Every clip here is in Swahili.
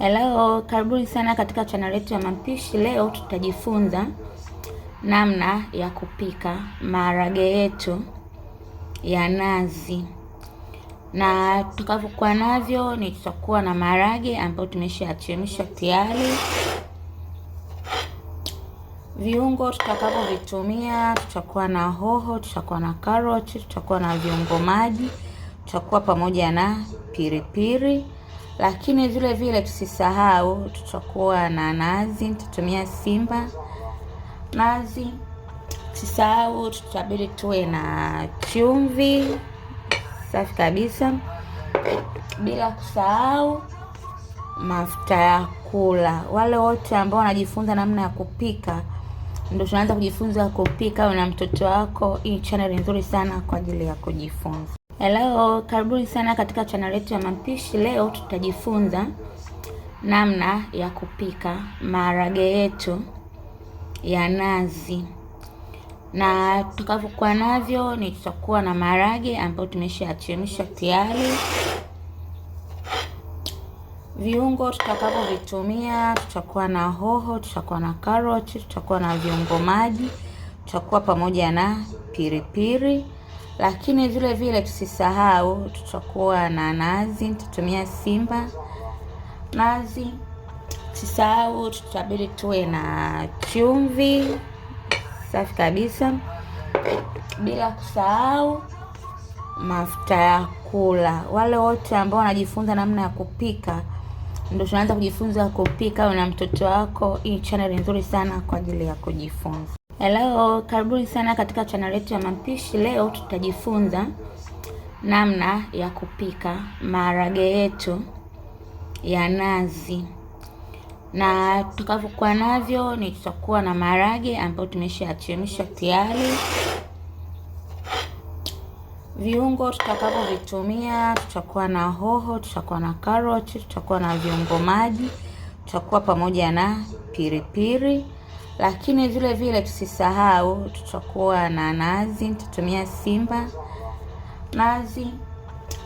Hello, karibuni sana katika channel yetu ya mapishi. Leo tutajifunza namna ya kupika maharage yetu ya nazi, na tutakavyokuwa navyo ni tutakuwa na maharage ambayo tumeshachemsha tayari. Viungo tutakavyovitumia, tutakuwa na hoho, tutakuwa na karoti, tutakuwa na viungo maji, tutakuwa pamoja na pilipili lakini vile vile tusisahau, tutakuwa na nazi, tutatumia simba nazi. Tusisahau, tutabidi tuwe na chumvi safi kabisa, bila kusahau mafuta ya kula. Wale wote ambao wanajifunza namna ya kupika, ndio tunaanza kujifunza kupika, na mtoto wako, hii channel nzuri sana kwa ajili ya kujifunza. Hello, karibuni sana katika channel yetu ya mapishi. Leo tutajifunza namna ya kupika maharage yetu ya nazi, na tutakavyokuwa navyo ni tutakuwa na maharage ambayo tumeshayachemsha tayari. Viungo tutakavyovitumia, tutakuwa na hoho, tutakuwa na karoti, tutakuwa na viungo maji, tutakuwa pamoja na piri lakini vile vile tusisahau, tutakuwa na nazi, tutatumia simba nazi. Tusisahau, tutabidi tuwe na chumvi safi kabisa, bila kusahau mafuta ya kula. Wale wote ambao wanajifunza namna ya kupika, ndio tunaanza kujifunza kupika, na mtoto wako, hii channel nzuri sana kwa ajili ya kujifunza. Hello, karibuni sana katika channel yetu ya mapishi. Leo tutajifunza namna ya kupika maharage yetu ya nazi, na tutakavyokuwa navyo ni tutakuwa na maharage ambayo tumeshayachemsha tayari. Viungo tutakavyovitumia, tutakuwa na hoho, tutakuwa na karoti, tutakuwa na viungo maji, tutakuwa pamoja na piripiri piri. Lakini vile vile tusisahau, tutakuwa na nazi, tutatumia simba nazi.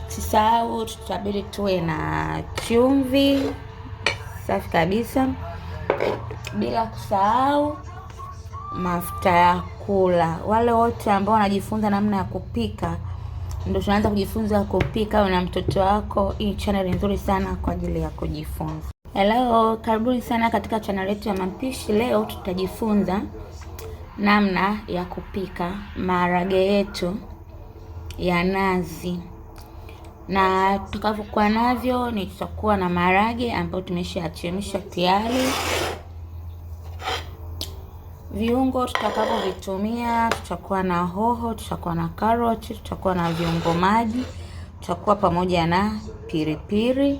Tusisahau, tutabidi tuwe na chumvi safi kabisa, bila kusahau mafuta ya kula. Wale wote ambao wanajifunza namna ya kupika, ndio tunaanza kujifunza kupika, na mtoto wako, hii channel nzuri sana kwa ajili ya kujifunza. Hello, karibuni sana katika channel yetu ya mapishi. Leo tutajifunza namna ya kupika maharage yetu ya nazi, na tutakavyokuwa navyo ni tutakuwa na maharage ambayo tumeshachemsha tayari. Viungo tutakavyovitumia, tutakuwa na hoho, tutakuwa na karoti, tutakuwa na viungo maji, tutakuwa pamoja na piri.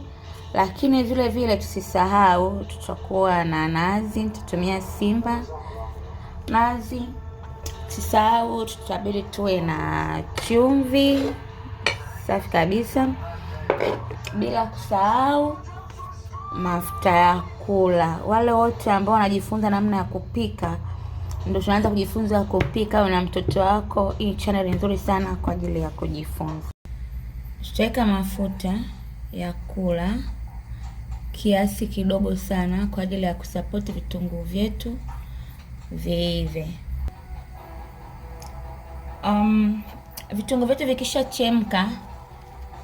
Lakini vile vile tusisahau, tutakuwa na nazi, tutatumia simba nazi. Tusisahau, tutabidi tuwe na chumvi safi kabisa, bila kusahau mafuta ya kula. Wale wote ambao wanajifunza namna ya kupika, ndio tunaanza kujifunza kupika na mtoto wako, hii channel nzuri sana kwa ajili ya kujifunza. Tutaweka mafuta ya kula kiasi kidogo sana kwa ajili ya kusapoti vitunguu vyetu viive. Um, vitunguu vyetu vikishachemka,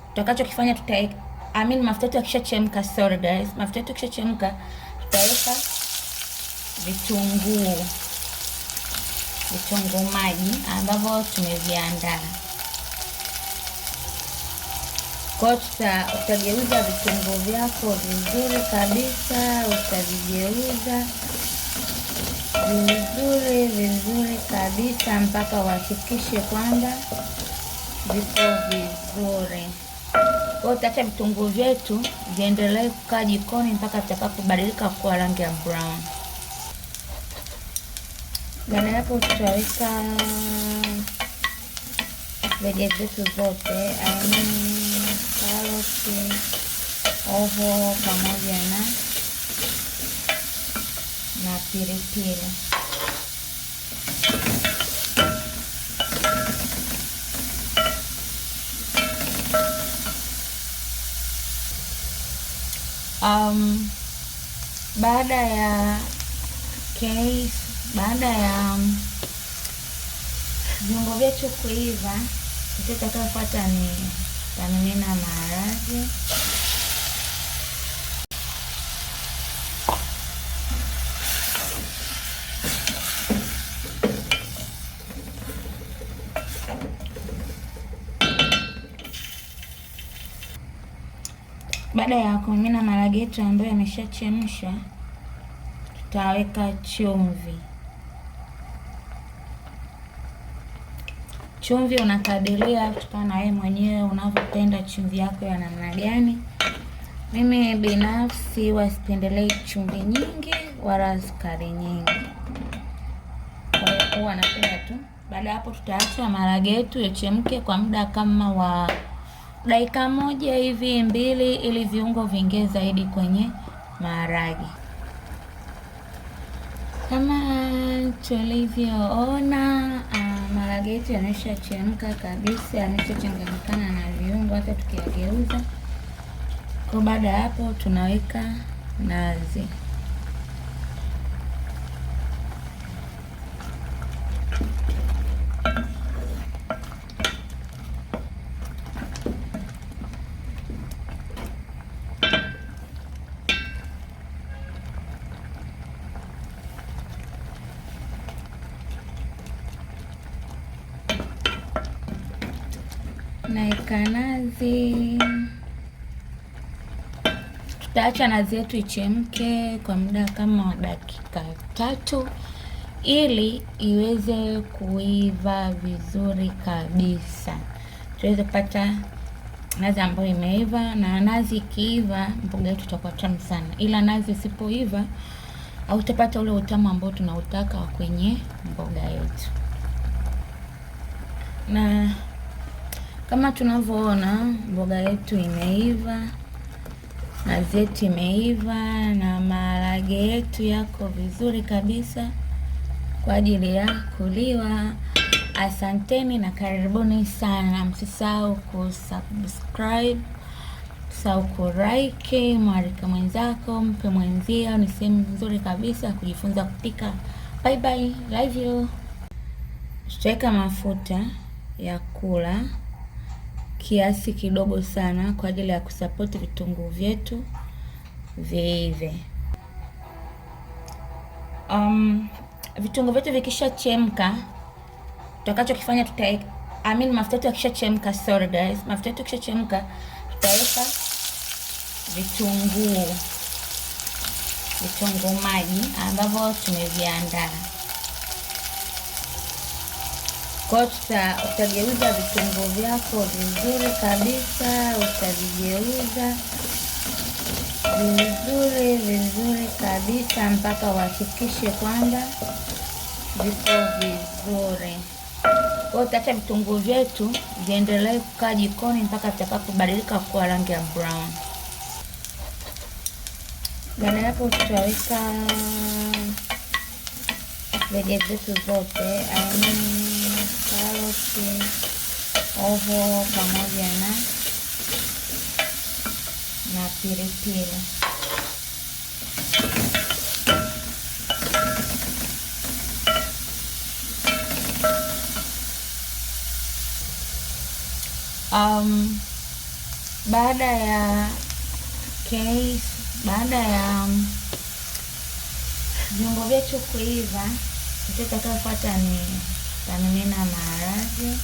tutakachokifanya tuta I mean, mafuta yetu yakishachemka, sorry guys, mafuta yetu yakishachemka, tutaweka vitunguu vitunguu maji ambavyo tumeviandaa. Kwa hiyo utageuza vitunguu vyako vizuri kabisa, utavigeuza vizuri vizuri kabisa mpaka uhakikishe kwamba viko vizuri. Kwa utaacha vitunguu vyetu viendelee kukaa jikoni mpaka vitakapobadilika kuwa rangi ya brown. Baada hapo tutaweka vege zetu zote, amen sote, hoho pamoja na na pilipili. Um, baada ya case, baada ya um, viungo vyetu kuiva, kitakachofuata ni namimina maharage Baada ya kumimina maharage yetu ambayo yameshachemsha tutaweka chumvi. Chumvi unakadiria kutokana na wewe mwenyewe unavyopenda chumvi yako ya namna gani. Mimi binafsi wasipendelei chumvi nyingi wala sukari nyingi, kwa hiyo huwa napenda tu. Baada ya hapo, tutaacha maharage yetu yachemke kwa muda kama wa dakika moja hivi mbili, ili viungo viingie zaidi kwenye maharage. Kama tulivyoona maharage yetu yameshachemka kabisa, yameshachanganyikana na viungo, hata tukiyageuza kwa. Baada ya hapo, tunaweka nazi. tutaweka nazi, tutaacha nazi yetu ichemke kwa muda kama dakika tatu ili iweze kuiva vizuri kabisa, tuweze kupata nazi ambayo imeiva. Na nazi ikiiva, mboga yetu itakuwa tamu sana, ila nazi isipoiva hautapata ule utamu ambao tunautaka kwenye mboga yetu na kama tunavyoona mboga yetu imeiva, nazi yetu imeiva na maharage yetu yako vizuri kabisa kwa ajili ya kuliwa. Asanteni na karibuni sana, msisahau kusubscribe, msisahau kulike, mwarike mwenzako, mpe mwenzia. Ni sehemu nzuri kabisa kujifunza kupika. Bye bye, love you. Tutaweka mafuta ya kula kiasi kidogo sana kwa ajili ya kusapoti vitunguu vyetu viive. Um, vitunguu vyetu vikishachemka, tutakachokifanya tuta I mean, mafuta yetu yakishachemka, sorry guys, mafuta yetu yakishachemka, tutaweka vitunguu vitunguu maji ambavyo tumeviandaa kwa hiyo utageuza vitunguu vyako vizuri kabisa, utavigeuza vizuri vizuri kabisa mpaka uhakikishe kwamba viko vizuri. Kwa utaacha vitunguu vyetu viendelee kukaa jikoni mpaka vitakapobadilika kuwa rangi ya brown. Baada hapo tutaweka vege zetu zote, um, mchicha, hoho pamoja na na pilipili. Um, baada ya case, baada ya viungo um, vyetu kuiva, kitakayofuata ni Namimina maharage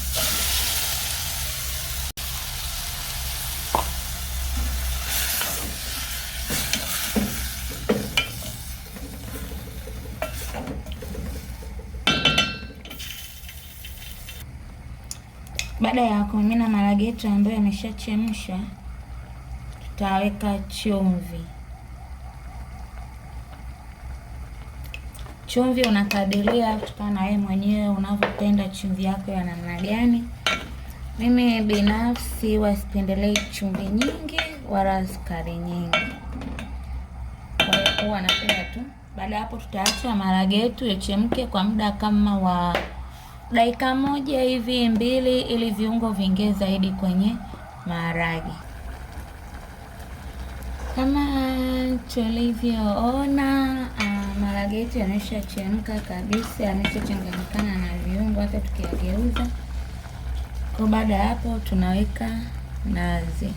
Baada ya kumimina maharage yetu ambayo yameshachemsha, tutaweka chumvi. Chumvi unakadiria kutokana na wewe mwenyewe unavyopenda chumvi yako ya namna gani. Mimi binafsi wasipendelei chumvi nyingi wala sukari nyingi, kwa hiyo huwa napenda tu. Baada ya hapo, tutaacha maharage yetu yachemke kwa muda kama wa dakika moja hivi mbili, ili viungo viingie zaidi kwenye maharage. Kama tulivyoona maharage yetu yameshachemka kabisa, yameshachanganyikana na viungo, hata tukiyageuza kwa. Baada ya hapo, tunaweka nazi.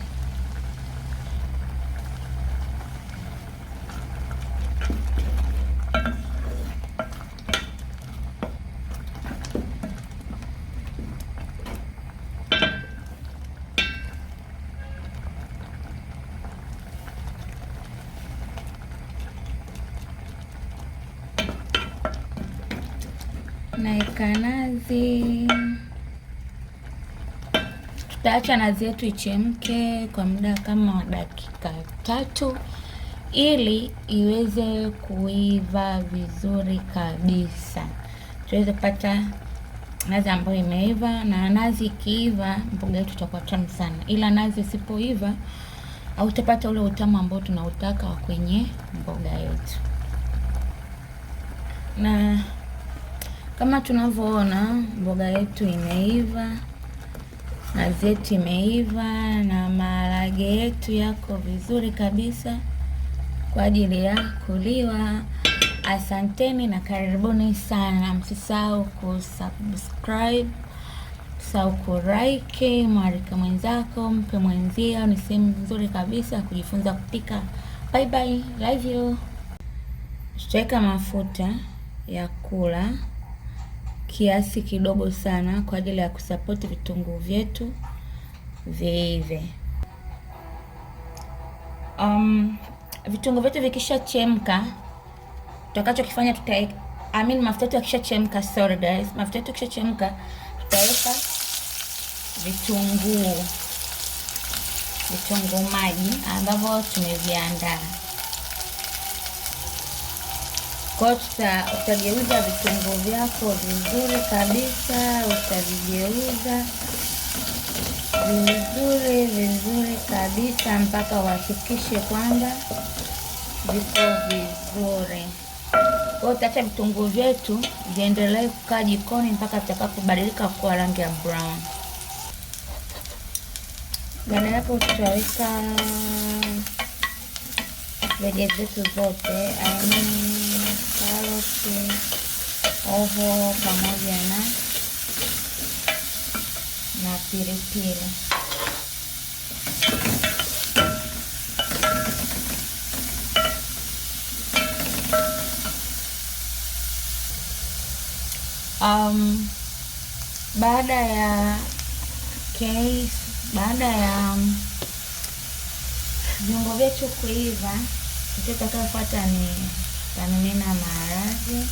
tutaacha nazi yetu ichemke kwa muda kama dakika tatu ili iweze kuiva vizuri kabisa, tuweze kupata nazi ambayo imeiva. Na nazi ikiiva, mboga yetu itakuwa tamu sana, ila nazi isipoiva hautapata ule utamu ambao tunautaka kwenye mboga yetu. Na kama tunavyoona mboga yetu imeiva. Azeti imeiva na maharage yetu yako vizuri kabisa kwa ajili ya kuliwa. Asanteni na karibuni sana, msisahau kusubscribe, msisahau kuraiki, mwarike mwenzako, mpe mwenzia. Ni sehemu nzuri kabisa ya kujifunza kupika. Bye bye, love you. Tutaweka mafuta ya kula kiasi kidogo sana kwa ajili ya kusapoti vitunguu vyetu viive. Um, vitunguu vyetu vikishachemka, tutakachokifanya tuta I mean, mafuta yetu yakishachemka, sorry guys, mafuta yetu yakishachemka, tutaweka vitunguu vitunguu maji ambavyo tumeviandaa. Kwa hiyo utageuza vitunguu vyako vizuri kabisa, utavigeuza vizuri vizuri kabisa mpaka uhakikishe kwamba viko vizuri. Kwa utaacha vitunguu vyetu viendelee kukaa jikoni mpaka vitakapobadilika kuwa rangi ya brown. Baada hapo tutaweka vege zetu zote aina karoti, hoho pamoja na na pilipili. Um, baada ya case, baada ya um, viungo vyetu kuiva, kitakayofuata ni Namimina maharage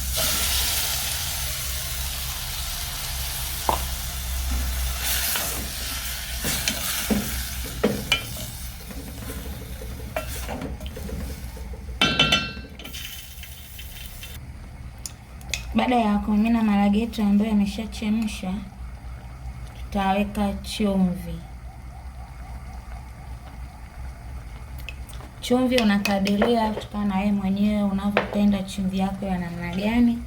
Baada ya kumimina maharage yetu ambayo yameshachemsha, tutaweka chumvi. Chumvi unakadiria kutokana na wewe mwenyewe unavyo chumvi yako ya namna gani.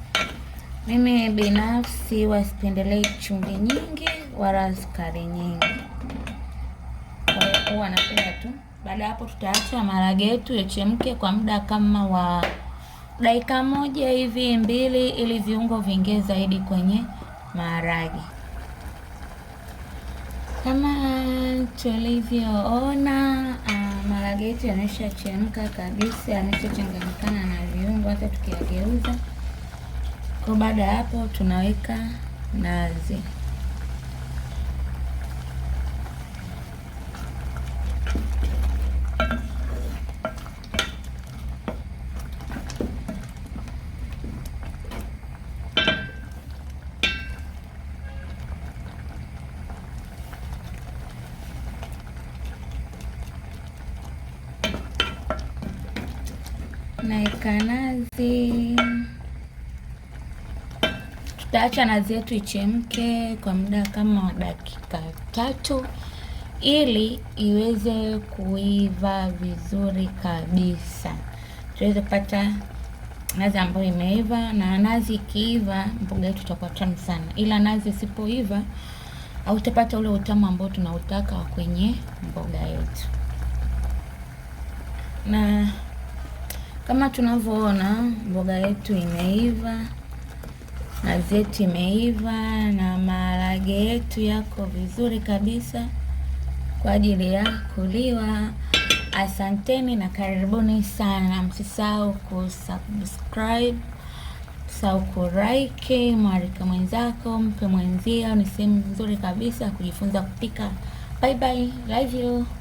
Mimi binafsi wasipendelei chumvi nyingi wala sukari nyingi, kwa hiyo huwa napenda tu. Baada ya hapo, tutaacha maharage yetu yachemke kwa muda kama wa dakika moja hivi mbili, ili viungo viingie zaidi kwenye maharage. Kama tulivyoona, ah, maharage yetu yameshachemka kabisa, yameshachanganyikana hata tukiyageuza. Kwa baada ya hapo tunaweka nazi. naeka nazi. Tutaacha nazi yetu ichemke kwa muda kama dakika tatu ili iweze kuiva vizuri kabisa, tuweze kupata nazi ambayo imeiva. Na nazi ikiiva, mboga yetu itakuwa tamu sana, ila nazi isipoiva hautapata ule utamu ambao tunautaka kwenye mboga yetu na kama tunavyoona mboga yetu imeiva, na yetu imeiva na maharage yetu yako vizuri kabisa kwa ajili ya kuliwa. Asanteni na karibuni sana, msisahau kusubscribe, msisahau kulike, mwarike mwenzako, mpe mwenzia. Ni sehemu nzuri kabisa ya kujifunza kupika. Bye bye, love you.